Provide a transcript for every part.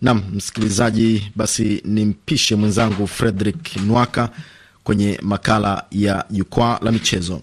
Nam msikilizaji, basi nimpishe mwenzangu Fredrick Nwaka kwenye makala ya jukwaa la michezo.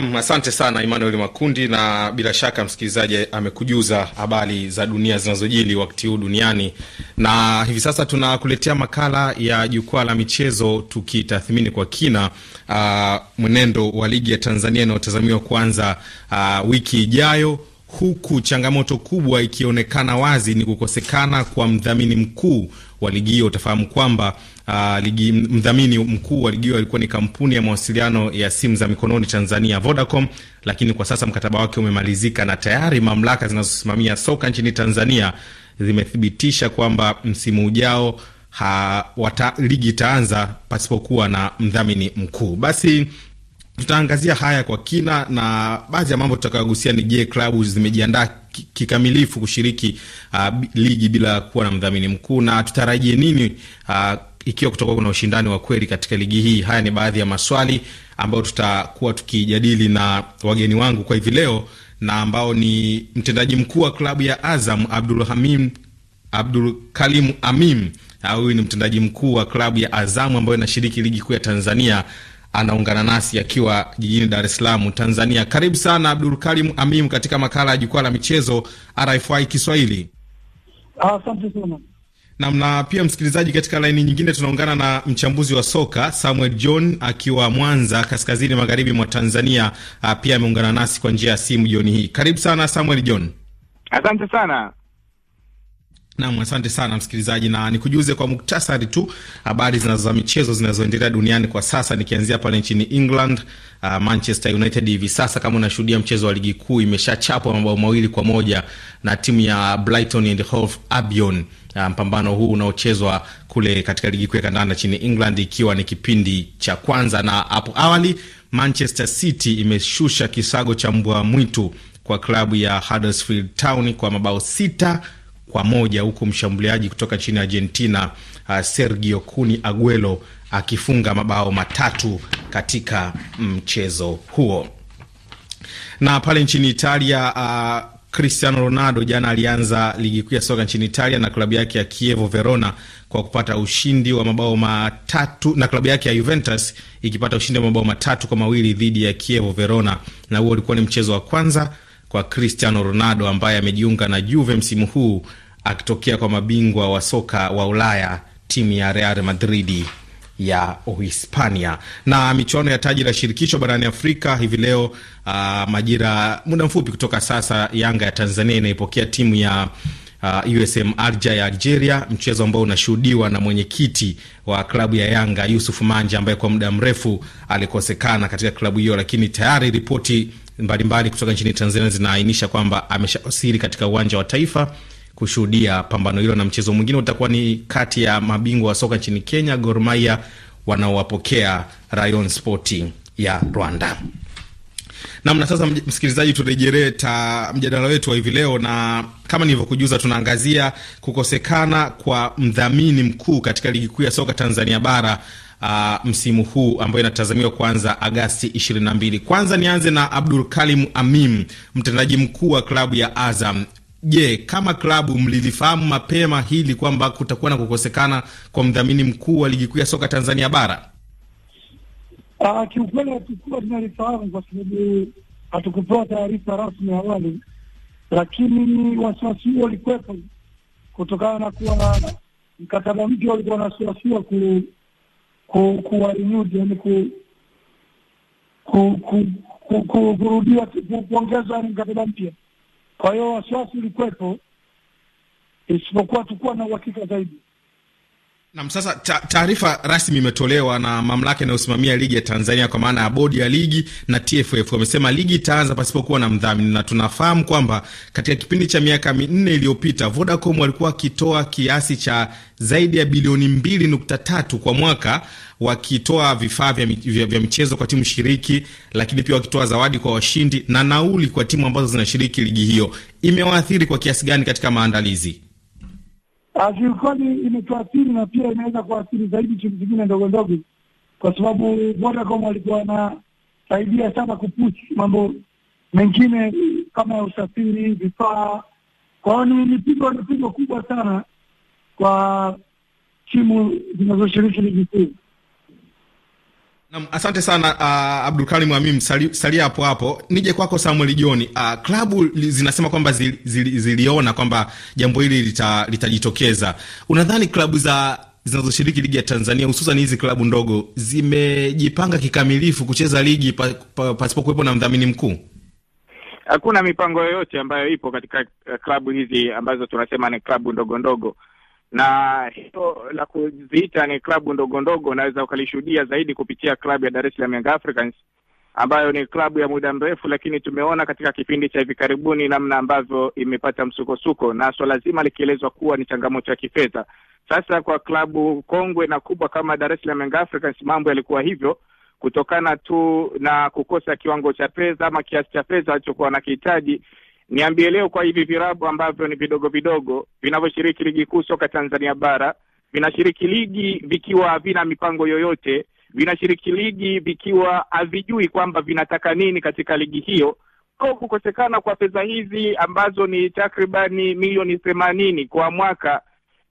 Nam, asante sana Emmanuel Makundi, na bila shaka msikilizaji amekujuza habari za dunia zinazojili wakati huu duniani. Na hivi sasa tunakuletea makala ya jukwaa la michezo, tukitathmini kwa kina uh, mwenendo wa ligi ya Tanzania inayotazamiwa kuanza uh, wiki ijayo, huku changamoto kubwa ikionekana wazi ni kukosekana kwa mdhamini mkuu wa ligi hiyo. Utafahamu kwamba Uh, ligi mdhamini mkuu wa ligi hiyo alikuwa ni kampuni ya mawasiliano ya simu za mikononi Tanzania Vodacom, lakini kwa sasa mkataba wake umemalizika na tayari mamlaka zinazosimamia soka nchini Tanzania zimethibitisha kwamba msimu ujao ha, wata, ligi itaanza pasipokuwa na mdhamini mkuu. Basi tutaangazia haya kwa kina na baadhi ya mambo tutakayogusia ni je, klabu zimejiandaa kikamilifu kushiriki uh, ligi bila kuwa na mdhamini mkuu na tutarajie nini uh, ikiwa kutakuwa kuna ushindani wa kweli katika ligi hii. Haya ni baadhi ya maswali ambayo tutakuwa tukijadili na wageni wangu kwa hivi leo na ambao ni mtendaji mkuu wa klabu ya Azam Abdulhamim Abdul Kalim Amim. Huyu ni mtendaji mkuu wa klabu ya Azamu ambayo inashiriki ligi kuu ya Tanzania. Anaungana nasi akiwa jijini Dar es Salaam, Tanzania. Karibu sana Abdul Karim Amim katika makala ya jukwaa la michezo RFI Kiswahili. Asante sana. Nam na pia msikilizaji, katika laini nyingine tunaungana na mchambuzi wa soka Samuel John akiwa Mwanza, kaskazini magharibi mwa Tanzania. Ah, pia ameungana nasi kwa njia ya simu jioni hii. Karibu sana Samuel John. Asante sana. Nam, asante sana msikilizaji, na nikujuze kwa muktasari tu habari za michezo zinazoendelea duniani kwa sasa, nikianzia pale nchini England. Uh, Manchester United hivi sasa kama unashuhudia mchezo wa ligi kuu imeshachapwa mabao mawili kwa moja na timu ya Brighton and Hove Albion. Uh, mpambano huu unaochezwa kule katika ligi kuu ya kandanda nchini England ikiwa ni kipindi cha kwanza, na hapo awali Manchester City imeshusha kisago cha mbwa mwitu kwa klabu ya Huddersfield Town kwa mabao sita kwa moja huku mshambuliaji kutoka nchini Argentina uh, Sergio Kuni aguelo akifunga uh, mabao matatu katika mchezo huo. Na pale nchini Italia uh, Cristiano Ronaldo jana alianza ligi kuu ya soka nchini Italia na klabu yake ya Kievo Verona kwa kupata ushindi wa mabao matatu na klabu yake ya Juventus ikipata ushindi wa mabao matatu kwa mawili dhidi ya Kievo Verona, na huo ulikuwa ni mchezo wa kwanza kwa Cristiano Ronaldo ambaye amejiunga na Juve msimu huu akitokea kwa mabingwa wa soka wa Ulaya timu ya Real Madridi ya Uhispania. Na michuano ya taji la shirikisho barani Afrika hivi leo, uh, majira muda mfupi kutoka sasa, Yanga ya Tanzania inaipokea timu ya uh, ah, USM Arja ya Algeria, mchezo ambao unashuhudiwa na mwenyekiti wa klabu ya Yanga Yusuf Manja ambaye kwa muda mrefu alikosekana katika klabu hiyo, lakini tayari ripoti mbalimbali kutoka nchini Tanzania zinaainisha kwamba ameshawasili katika uwanja wa Taifa kushuhudia pambano hilo, na mchezo mwingine utakuwa ni kati ya mabingwa wa soka nchini Kenya, Gor Mahia wanaowapokea Rayon Sporti ya Rwanda. Namna sasa, msikilizaji, turejelee mjadala wetu wa hivi leo, na kama nilivyokujuza, tunaangazia kukosekana kwa mdhamini mkuu katika ligi kuu ya soka Tanzania bara uh, msimu huu ambayo inatazamiwa kuanza Agasti 22. Kwanza nianze na Abdul Kalim Amim, mtendaji mkuu wa klabu ya Azam. Je, yeah, kama klabu mlilifahamu mapema hili kwamba kutakuwa na kukosekana kwa mdhamini mkuu wa ligi kuu ya soka Tanzania bara? Uh, kiukweli hatukuwa tunalifahamu kwa sababu hatukupewa taarifa rasmi awali, lakini wasiwasi huo ulikuwepo kutokana na kuwa mkataba mpya walikuwa wanasiwasiwa ku, kuwa yani ku, ku, ku, ku, ku, kurudiwa kuongezwa mkataba mpya. Kwa hiyo wasiwasi ulikuwepo, isipokuwa tukuwa na uhakika zaidi. Nam, sasa taarifa rasmi imetolewa na mamlaka inayosimamia ligi ya Tanzania kwa maana ya bodi ya ligi na TFF. Wamesema ligi itaanza pasipokuwa na mdhamini, na tunafahamu kwamba katika kipindi cha miaka minne iliyopita Vodacom walikuwa wakitoa kiasi cha zaidi ya bilioni mbili nukta tatu kwa mwaka wakitoa vifaa vya, vya, vya michezo kwa timu shiriki, lakini pia wakitoa zawadi kwa washindi na nauli kwa timu ambazo zinashiriki ligi hiyo. Imewaathiri kwa kiasi gani katika maandalizi? Kiukweli imetuathiri na pia inaweza kuathiri zaidi timu zingine ndogo ndogo, kwa sababu Vodacom walikuwa wanasaidia sana kupushi mambo mengine kama ya usafiri, vifaa. Kwa hiyo ni mipigo ni pigo kubwa sana kwa timu zinazoshiriki ligi kuu. Naam, asante sana uh, Karim Amim, salia sali hapo hapo nije kwako Samuel John. Uh, klabu zinasema kwamba zili, ziliona kwamba jambo hili litajitokeza lita, unadhani klabu za zinazoshiriki ligi ya Tanzania hususan hizi klabu ndogo zimejipanga kikamilifu kucheza ligi pasipokuwepo pa, pa, na mdhamini mkuu? Hakuna mipango yoyote ambayo ipo katika eh, klabu hizi ambazo tunasema ni klabu ndogo ndogo na hilo la kuziita ni klabu ndogo ndogo unaweza ukalishuhudia zaidi kupitia klabu ya Dar es Salaam Young Africans ambayo ni klabu ya muda mrefu, lakini tumeona katika kipindi cha hivi karibuni namna ambavyo imepata msukosuko na swala zima likielezwa kuwa ni changamoto ya kifedha. Sasa kwa klabu kongwe na kubwa kama Dar es Salaam Young Africans mambo yalikuwa hivyo kutokana tu na kukosa kiwango cha fedha ama kiasi cha fedha walichokuwa wanakihitaji Niambie leo kwa hivi virabu ambavyo ni vidogo vidogo vinavyoshiriki ligi kuu soka Tanzania bara vinashiriki ligi vikiwa havina mipango yoyote, vinashiriki ligi vikiwa havijui kwamba vinataka nini katika ligi hiyo, au kukosekana kwa fedha hizi ambazo ni takribani milioni themanini kwa mwaka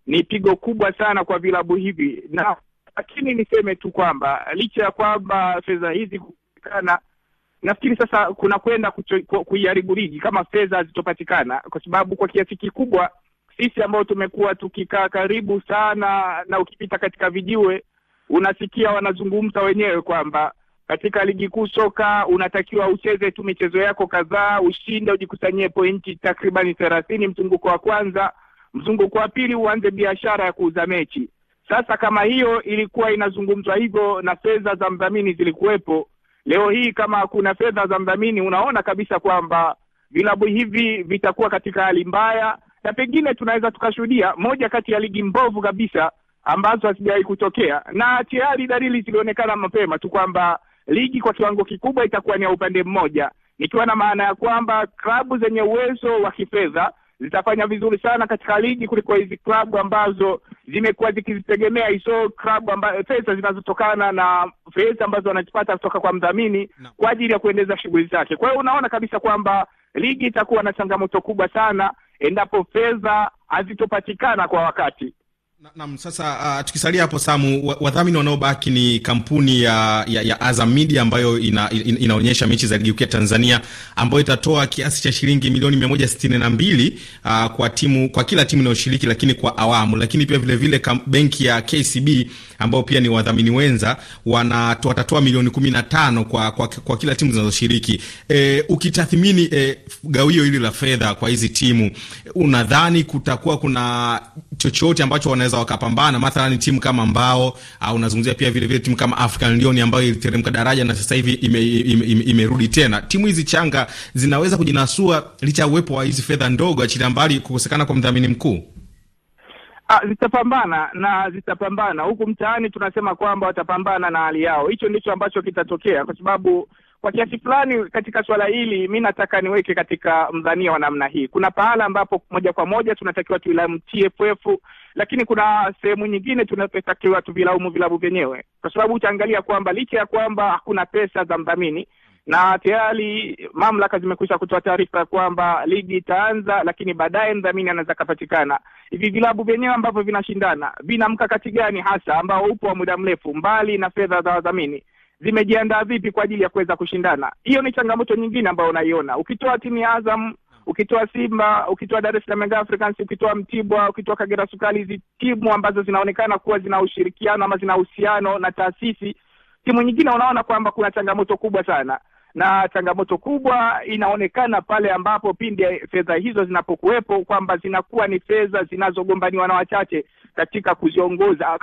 ni pigo kubwa sana kwa vilabu hivi na lakini niseme tu kwamba licha ya kwamba fedha hizi kukosekana nafikiri sasa kuna kwenda kuiharibu ligi kama fedha hazitopatikana, kwa sababu kwa kiasi kikubwa sisi ambao tumekuwa tukikaa karibu sana, na ukipita katika vijiwe unasikia wanazungumza wenyewe kwamba katika ligi kuu soka unatakiwa ucheze tu michezo yako kadhaa, ushinde, ujikusanyie pointi takribani thelathini mzunguko wa kwanza, mzunguko wa pili uanze biashara ya kuuza mechi. Sasa kama hiyo ilikuwa inazungumzwa hivyo na fedha za mdhamini zilikuwepo, Leo hii kama kuna fedha za mdhamini, unaona kabisa kwamba vilabu hivi vitakuwa katika hali mbaya, na pengine tunaweza tukashuhudia moja kati ya ligi mbovu kabisa ambazo hazijawahi kutokea, na tayari dalili zilionekana mapema tu kwamba ligi kwa kiwango kikubwa itakuwa ni ya upande mmoja, nikiwa na maana ya kwamba klabu zenye uwezo wa kifedha zitafanya vizuri sana katika ligi kuliko hizi klabu ambazo zimekuwa zikizitegemea hizo klabu ambazo pesa zinazotokana na pesa ambazo wanazipata kutoka kwa mdhamini no. kwa ajili ya kuendeleza shughuli zake. Kwa hiyo unaona kabisa kwamba ligi itakuwa na changamoto kubwa sana endapo fedha hazitopatikana kwa wakati. Naam, sasa uh, tukisalia hapo Samu, wadhamini wanaobaki ni kampuni ya, ya, ya Azam Media ambayo ina, ina, inaonyesha mechi za ligi kuu ya Tanzania ambayo itatoa kiasi cha shilingi milioni 162 uh, ah, kwa timu kwa kila timu inayoshiriki, lakini kwa awamu. Lakini pia vile vile benki ya KCB ambao pia ni wadhamini wenza wana watatoa milioni 15 kwa, kwa, kwa kila timu zinazoshiriki. E, ukitathmini e, gawio hili la fedha kwa hizi timu, unadhani kutakuwa kuna chochote ambacho wanaweza wakapambana, mathalan timu kama Mbao au pia vile vile timu kama African Lion ambayo iliteremka daraja na sasa hivi imerudi ime, ime, ime tena. Timu hizi changa zinaweza kujinasua licha ya uwepo wa hizi fedha ndogo, achilia mbali kukosekana kwa mdhamini mkuu. Ah, zitapambana na zitapambana. Huku mtaani tunasema kwamba watapambana na hali yao, hicho ndicho ambacho kitatokea kwa sababu kwa kiasi fulani katika swala hili, mi nataka niweke katika mdhania wa namna hii. Kuna pahala ambapo moja kwa moja tunatakiwa tuilaumu TFF, lakini kuna sehemu nyingine tunatakiwa tuvilaumu vilabu vyenyewe, kwa sababu utaangalia kwamba licha ya kwamba hakuna pesa za mdhamini na tayari mamlaka zimekwisha kutoa taarifa ya kwamba ligi itaanza, lakini baadaye mdhamini anaweza akapatikana. Hivi vilabu vyenyewe ambavyo vinashindana vina mkakati gani hasa ambao upo wa muda mrefu, mbali na fedha za wadhamini? zimejiandaa vipi kwa ajili ya kuweza kushindana. Hiyo ni changamoto nyingine ambayo unaiona ukitoa timu ya Azam, ukitoa Simba, ukitoa Dar es Salaam Young Africans, ukitoa Mtibwa, ukitoa Kagera Sukari, hizi timu ambazo zinaonekana kuwa zina ushirikiano ama zina uhusiano na taasisi, timu nyingine unaona kwamba kuna changamoto kubwa sana na changamoto kubwa inaonekana pale ambapo pindi fedha hizo zinapokuwepo kwamba zinakuwa ni fedha zinazogombaniwa na wachache katika kuziongoza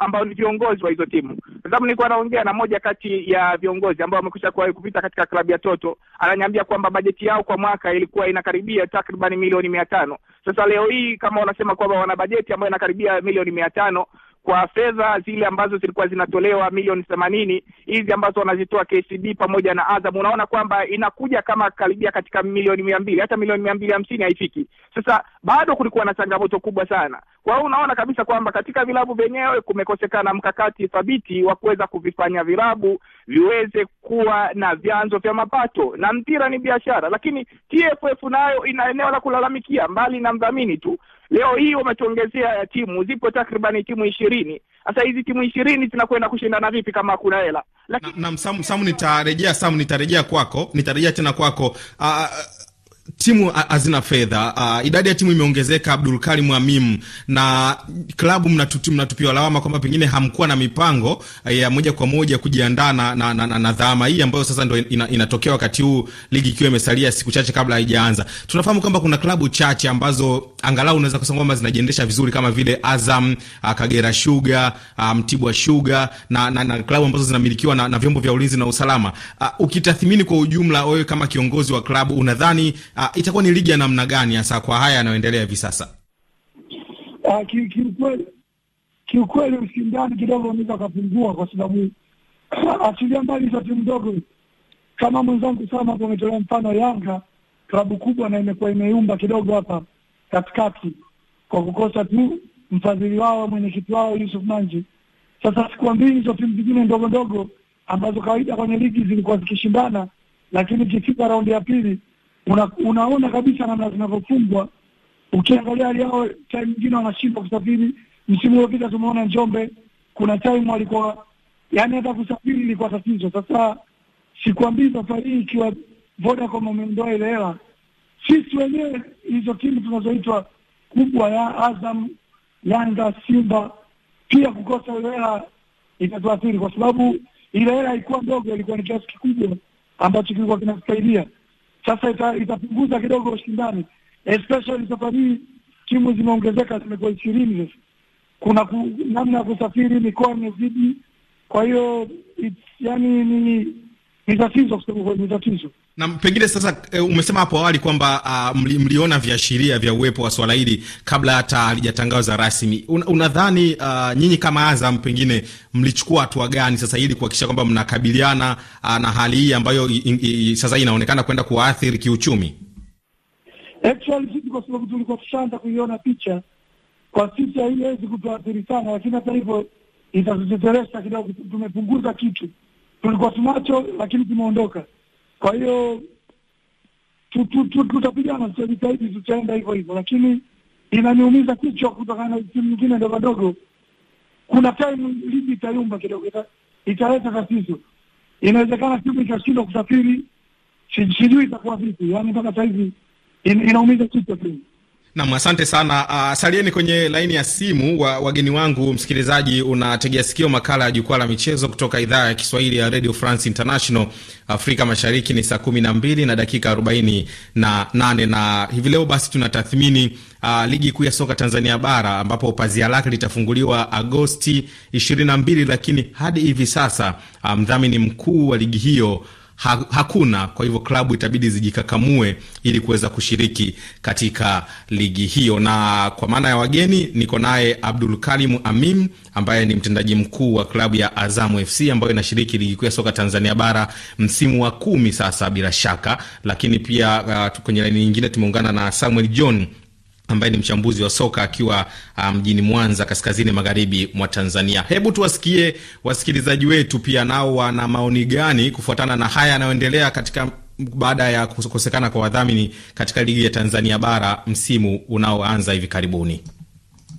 ambao ni viongozi wa hizo timu. Kwa sababu nilikuwa naongea na moja kati ya viongozi ambao wamekwisha kuwahi kupita katika klabu ya Toto, ananiambia kwamba bajeti yao kwa mwaka ilikuwa inakaribia takriban milioni mia tano. Sasa leo hii kama wanasema kwamba wana bajeti ambayo inakaribia milioni mia tano kwa fedha zile ambazo zilikuwa zinatolewa milioni themanini hizi ambazo wanazitoa KCB pamoja na Azam, unaona kwamba inakuja kama karibia katika milioni mia mbili hata milioni mia mbili hamsini haifiki. Sasa bado kulikuwa na changamoto kubwa sana. Kwa hiyo unaona kabisa kwamba katika vilabu vyenyewe kumekosekana mkakati thabiti wa kuweza kuvifanya vilabu viweze kuwa na vyanzo vya mapato, na mpira ni biashara, lakini TFF nayo ina eneo la kulalamikia mbali na mdhamini tu. Leo hii wametuongezea timu, zipo takribani timu ishirini. Sasa hizi timu ishirini zinakwenda kushindana vipi kama hakuna hela? Lakini na, na, Samu, Samu nitarejea Samu nitarejea kwako nitarejea tena kwako. uh, timu hazina fedha uh, idadi ya timu imeongezeka, Abdul Karim Amim, na klabu mnatupiwa lawama kwamba pengine hamkuwa na mipango eh, ya moja kwa moja kujiandaa na, na, na, na na dhama hii ambayo sasa ndo ina, inatokea wakati huu ligi ikiwa imesalia siku chache kabla haijaanza. Tunafahamu kwamba kuna klabu chache ambazo angalau unaweza kusema kwamba zinajiendesha vizuri kama vile Azam, uh, Kagera Sugar, ah, Mtibwa um, Sugar na, na, na klabu ambazo zinamilikiwa na, na vyombo vya ulinzi na usalama. Uh, ukitathmini kwa ujumla, wewe kama kiongozi wa klabu unadhani uh, itakuwa ni ligi ya namna gani hasa kwa haya yanayoendelea hivi sasa? Uh, kiukweli ki kiukweli, ushindani kidogo unaweza kapungua, kwa sababu achilia mbali za timu ndogo kama mwenzangu sana ametolea mfano Yanga, klabu kubwa na imekuwa imeumba kidogo hapa katikati kwa kukosa tu mfadhili wao mwenyekiti wao Yusuf Manji. Sasa mbili hizo timu zingine ndogo ndogo ambazo kawaida kwenye ligi zilikuwa zikishindana, lakini ikifika raundi ya pili una, unaona kabisa namna zinavyofungwa. Ukiangalia hali yao, time nyingine wanashindwa kusafiri. Msimu uliopita tumeona Njombe, kuna time walikuwa yani hata kusafiri ilikuwa tatizo. Sasa sikwambii safari hii ikiwa Vodacom wameondoa ile hela, sisi wenyewe hizo timu tunazoitwa kubwa ya Azam, Yanga, Simba pia kukosa ile hela itatuathiri, kwa sababu ile hela haikuwa ndogo, ilikuwa ni kiasi kikubwa ambacho kilikuwa kinasaidia sasa ita, itapunguza kidogo ushindani, especially sasa hii timu zimeongezeka, zimekuwa ishirini. Sasa kuna ku, namna ya kusafiri, mikoa imezidi, kwa hiyo yani ni ni tatizo kusema kweli, ni tatizo. Na pengine sasa eh, umesema hapo awali kwamba uh, mliona viashiria vya uwepo wa swala hili kabla hata halijatangaza rasmi. unadhani uh, nyinyi kama Azam pengine mlichukua hatua gani sasa ili kuhakikisha kwamba mnakabiliana uh, na hali hii ambayo i, i, sasa inaonekana kwenda kuwaathiri kiuchumi? Actually sisi kwa sababu tulikuwa tushaanza kuiona picha, kwa sisi haiwezi kutuathiri sana, lakini hata hivyo itatuteteresha kidogo. Tumepunguza kitu tulikuwa tunacho, lakini tumeondoka kwa hiyo tutapigana, tutajitahidi, tutaenda hivyo hivyo, lakini inaniumiza kichwa kutokana na timu nyingine ndogo ndogo. Kuna time ligi itayumba kidogo, italeta tatizo. Inawezekana timu ikashindwa kusafiri, sijui itakuwa vipi. Yani mpaka sahizi inaumiza kichwa tu. Nam, asante sana. Uh, salieni kwenye laini ya simu wa, wageni wangu. Msikilizaji, unategea sikio makala ya jukwaa la michezo kutoka idhaa ya Kiswahili ya Radio France International. Afrika Mashariki ni saa kumi na mbili na dakika arobaini na nane na hivi leo basi tunatathmini uh, ligi kuu ya soka Tanzania bara ambapo pazia lake litafunguliwa Agosti ishirini na mbili, lakini hadi hivi sasa ah, mdhamini um, mkuu wa ligi hiyo ha, hakuna. Kwa hivyo klabu itabidi zijikakamue ili kuweza kushiriki katika ligi hiyo. Na kwa maana ya wageni, niko naye Abdul Kalim Amim ambaye ni mtendaji mkuu wa klabu ya Azamu FC ambayo inashiriki ligi kuu ya soka Tanzania bara msimu wa kumi sasa bila shaka, lakini pia uh, kwenye laini nyingine tumeungana na Samuel John ambaye ni mchambuzi wa soka akiwa ah, mjini um, Mwanza, kaskazini magharibi mwa Tanzania. Hebu tuwasikie wasikilizaji wetu pia nao wana maoni gani kufuatana na haya yanayoendelea katika baada ya kukosekana kwa wadhamini katika ligi ya Tanzania bara msimu unaoanza hivi karibuni.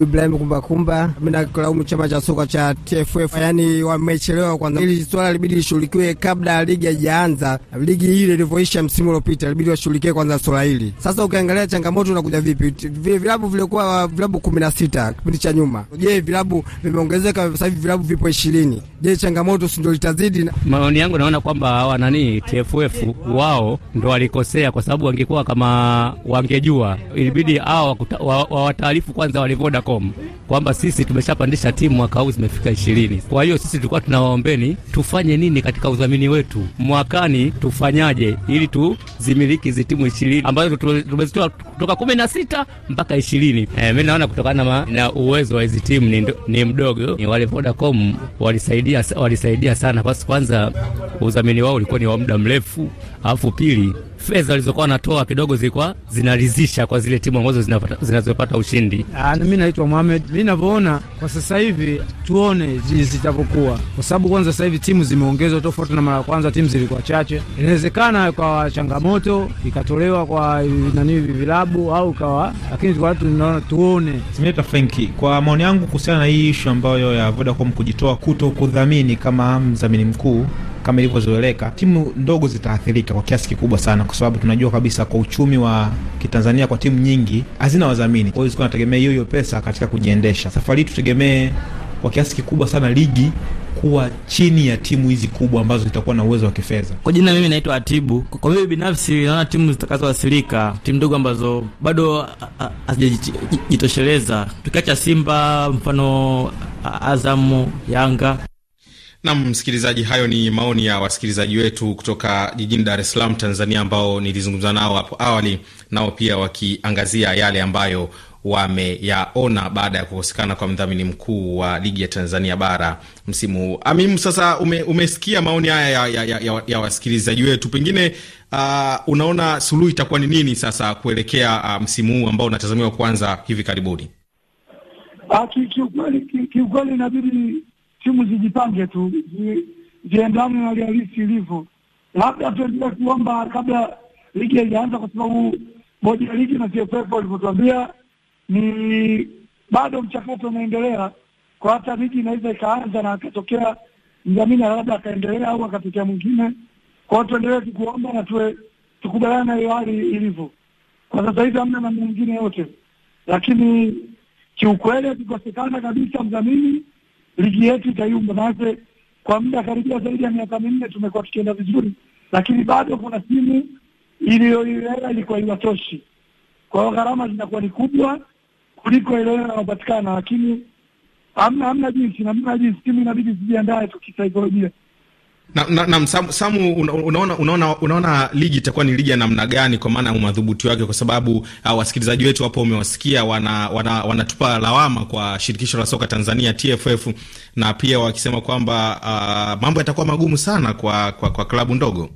Ibrahim Kumbakumba. Mimi nakilaumu chama cha soka cha TFF, yaani wamechelewa kwanza. Hili swala libidi lishughulikiwe kabla ligi haijaanza. Ligi ile ilivyoisha msimu uliopita, libidi washughulikie kwanza swala hili. Sasa ukiangalia changamoto unakuja vipi, vile vilabu vilikuwa vilabu kumi na sita kipindi cha nyuma, je, vilabu vimeongezeka sasa hivi vilabu vipo ishirini. Je, changamoto si ndio litazidi? Maoni yangu naona kwamba hawa nani TFF wao ndo walikosea, kwa sababu wangekuwa kama wangejua, ilibidi hao wawataarifu kwanza walivoda Telecom kwamba sisi tumeshapandisha timu mwaka huu zimefika ishirini. Kwa hiyo sisi tulikuwa tunawaombeni tufanye nini katika udhamini wetu mwakani, tufanyaje ili tuzimiliki hizi timu ishirini ambazo tumezitoa kutoka kumi na sita mpaka ishirini. E, eh, mi naona kutokana na uwezo wa hizi timu ni, ni mdogo. Ni wale Vodacom walisaidia, walisaidia sana basi. Kwanza udhamini wao ulikuwa ni wa muda mrefu, alafu pili fedha walizokuwa wanatoa kidogo zilikuwa zinaridhisha kwa zile timu ambazo zinazopata ushindi. Ah, mi naitwa Mohamed, mi navyoona kwa sasa hivi, tuone jinsi kwa sababu kwanza sasa hivi timu zimeongezwa tofauti na mara ya kwanza, timu zilikuwa chache. Inawezekana kwa changamoto ikatolewa kwa nani vilabu au kawa, lakini tuone. Simeta Fenki, kwa maoni yangu kuhusiana na hii ishu ambayo ya Vodacom kujitoa kuto kudhamini kama mdhamini mkuu kama ilivyozoeleka, timu ndogo zitaathirika kwa kiasi kikubwa sana, kwa sababu tunajua kabisa kwa uchumi wa Kitanzania kwa timu nyingi hazina wadhamini, kwa hiyo zilikuwa nategemea hiyo hiyo pesa katika kujiendesha. Safari hii tutegemee kwa kiasi kikubwa sana ligi kuwa chini ya timu hizi kubwa ambazo zitakuwa na uwezo wa kifedha. Kwa jina mimi naitwa Atibu. Kwa mimi binafsi naona timu zitakazowasilika, timu ndogo ambazo bado hazijajitosheleza, tukiacha Simba mfano Azamu, Yanga Nam msikilizaji, hayo ni maoni ya wasikilizaji wetu kutoka jijini Dar es Salaam, Tanzania, ambao nilizungumza nao hapo awali, nao pia wakiangazia yale ambayo wameyaona baada ya kukosekana kwa mdhamini mkuu wa ligi ya Tanzania bara msimu huu. Amim, sasa ume, umesikia maoni haya ya, ya, ya, ya, ya wasikilizaji wetu, pengine uh, unaona suluhu itakuwa ni nini sasa kuelekea uh, msimu huu ambao unatazamiwa kuanza hivi karibuni? Ah, kiukweli inabidi timu zijipange tu ziendane na hali halisi ilivyo, labda tuendelee kuomba kabla ligi haijaanza, kwa sababu moja ya ligi na TFF walivyotuambia ni bado mchakato unaendelea, kwa hata ligi inaweza ikaanza na akatokea mdhamini labda akaendelea au akatokea mwingine. Kwa hiyo tuendelee tukuomba na tuwe tukubaliana na hiyo hali ilivyo kwa sasa hivi, hamna namna nyingine yote, lakini kiukweli akikosekana kabisa mdhamini ligi yetu itayumba. Maanake kwa muda karibia zaidi ya miaka minne tumekuwa tukienda vizuri, lakini bado kuna simu iliyoiwela ilikuwa iwatoshi. Kwa hiyo gharama zinakuwa ni kubwa kuliko ile inayopatikana, lakini hamna hamna jinsi, namna jinsi, timu inabidi zijiandae tu kisaikolojia na, na, na Samu, Samu unaona, unaona, unaona ligi itakuwa ni ligi ya namna gani kwa maana ya umadhubuti wake? Kwa sababu uh, wasikilizaji wetu hapo umewasikia wanatupa wana, wana lawama kwa shirikisho la soka Tanzania TFF, na pia wakisema kwamba uh, mambo yatakuwa magumu sana kwa, kwa, kwa klabu ndogo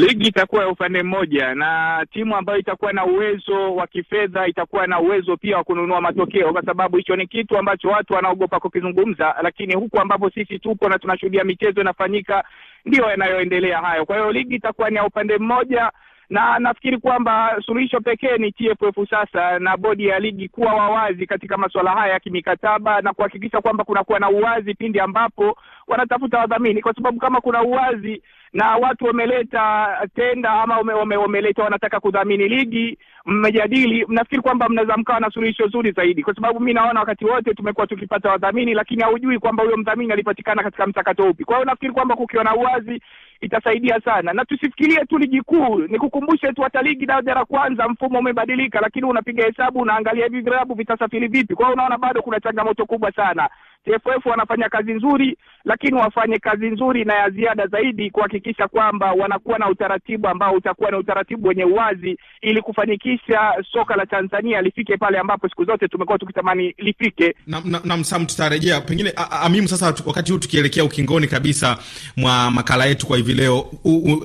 ligi itakuwa ya upande mmoja, na timu ambayo itakuwa na uwezo wa kifedha itakuwa na uwezo pia wa kununua matokeo, kwa sababu hicho ni kitu ambacho watu wanaogopa kukizungumza, lakini huku ambapo sisi tupo na tunashuhudia michezo inafanyika, ndiyo yanayoendelea hayo. Kwa hiyo ligi itakuwa ni ya upande mmoja na nafikiri kwamba suluhisho pekee ni TFF sasa na bodi ya ligi kuwa wawazi katika masuala haya ya kimikataba na kuhakikisha kwamba kunakuwa na uwazi pindi ambapo wanatafuta wadhamini, kwa sababu kama kuna uwazi na watu wameleta tenda ama ume, ume, wanataka kudhamini ligi, mmejadili, mnafikiri kwamba mnaweza mkawa na suluhisho zuri zaidi? Kwa sababu mi naona wakati wote tumekuwa tukipata wadhamini, lakini haujui kwamba huyo mdhamini alipatikana katika mchakato upi. Kwa hiyo nafikiri kwamba kukiwa na uwazi itasaidia sana, na tusifikirie tu ligi kuu. Nikukumbushe tu hata ligi daraja la kwanza mfumo umebadilika, lakini unapiga hesabu, unaangalia hivi vilabu vitasafiri vipi. Kwa hiyo unaona bado kuna changamoto kubwa sana. TFF wanafanya kazi nzuri, lakini wafanye kazi nzuri na ya ziada zaidi kuhakikisha kwamba wanakuwa na utaratibu ambao utakuwa na utaratibu wenye uwazi, ili kufanikisha soka la Tanzania lifike pale ambapo siku zote tumekuwa tukitamani lifike. Na, na, na msam tutarejea pengine Amimu. Sasa wakati huu tukielekea ukingoni kabisa mwa makala yetu kwa hivi leo,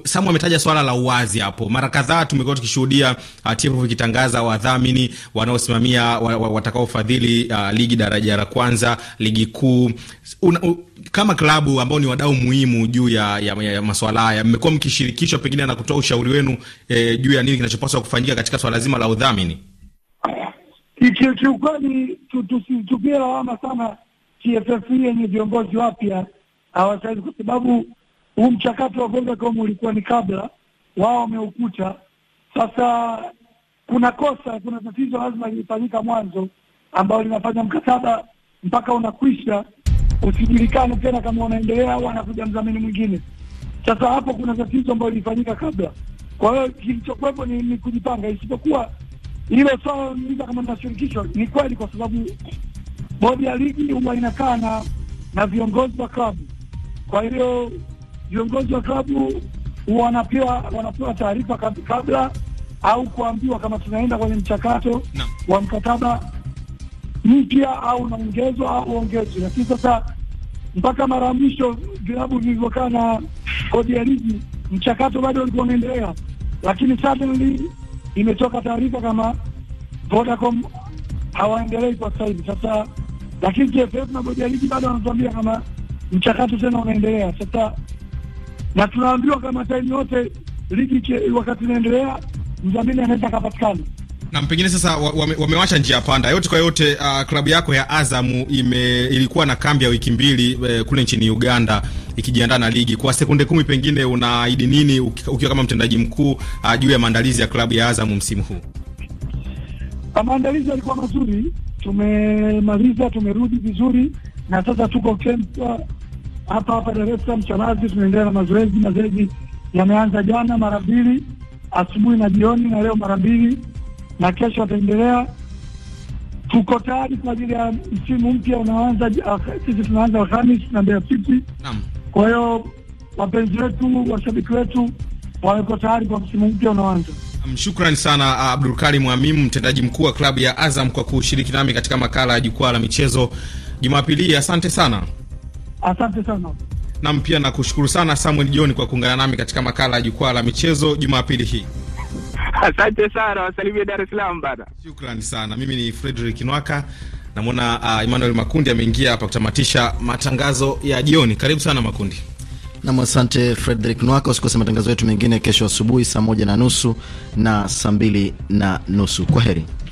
Samu ametaja swala la uwazi hapo. Mara kadhaa tumekuwa tukishuhudia TFF ikitangaza wadhamini wanaosimamia watakaofadhili ligi daraja la kwanza, ligi ku, una, u, kama klabu ambao ni wadau muhimu juu ya, ya, ya masuala haya mmekuwa mkishirikishwa pengine na kutoa ushauri wenu e, juu ya nini kinachopaswa kufanyika katika swala zima la udhamini? Kiukweli tusitupie lawama sana TFF yenye viongozi wapya hawasaidi, kwa sababu huu mchakato wa kuweza kaumu ulikuwa ni kabla wao wameukuta. Sasa kuna kosa, kuna tatizo lazima lilifanyika mwanzo, ambao linafanya mkataba mpaka unakwisha, usijulikane tena kama unaendelea au anakuja mdhamini mwingine. Sasa hapo kuna tatizo ambayo ilifanyika kabla. Kwa hiyo kilichokuwepo ni, ni kujipanga, isipokuwa hilo swala niuliza kama linashirikishwa, ni kweli, kwa sababu bodi ya ligi huwa inakaa na na viongozi wa klabu. Kwa hiyo viongozi wa klabu wanapewa wanapewa taarifa kabla au kuambiwa kama tunaenda kwenye mchakato no. wa mkataba mpya au unaongezwa au uongezwe, lakini sasa mpaka mara ya mwisho vilabu vilivyokaa na kodi ya ligi mchakato bado ulikuwa unaendelea, lakini suddenly imetoka taarifa kama Vodacom hawaendelei kwa sasa hivi. Sasa lakini TFF na bodi ya ligi bado wanatuambia kama mchakato tena unaendelea sasa, na tunaambiwa kama time yote ligi wakati inaendelea mdhamini anaweza akapatikana. Na pengine sasa wame, wamewacha njia panda. Yote kwa yote, uh, klabu yako ya Azamu ime, ilikuwa na kambi ya wiki mbili eh, kule nchini Uganda ikijiandaa na ligi. Kwa sekunde kumi, pengine unaahidi nini ukiwa kama mtendaji mkuu uh, juu ya maandalizi ya klabu ya Azamu msimu huu? Ah, maandalizi yalikuwa mazuri, tumemaliza, tumerudi vizuri na sasa tuko camp uh, hapa hapa Dar es Salaam Chamazi, tunaendelea na mazoezi. Mazoezi yameanza jana mara mbili asubuhi na jioni, na leo mara mbili na kesho ataendelea. Tuko tayari kwa ajili ya msimu mpya unaanza. Ah, sisi tunaanza Alhamis na Mbeya City. Kwa hiyo wapenzi wetu, washabiki wetu wako tayari kwa msimu mpya unaoanza. Shukran sana ah, Abdulkarim Amim, mtendaji mkuu wa klabu ya Azam kwa kushiriki nami katika makala ya jukwaa la michezo Jumapili. Asante sana, asante sana. Nam pia nakushukuru sana Samuel John kwa kuungana nami katika makala ya jukwaa la michezo Jumapili hii. Asante sana, wasalimie Dar es Salaam bana. Shukrani sana. Mimi ni Frederick Nwaka, namwona uh, Emmanuel Makundi ameingia hapa kutamatisha matangazo ya jioni. Karibu sana Makundi. Nam, asante Frederick Nwaka. Usikose matangazo yetu mengine kesho asubuhi saa moja na nusu na saa mbili na nusu. Kwa heri.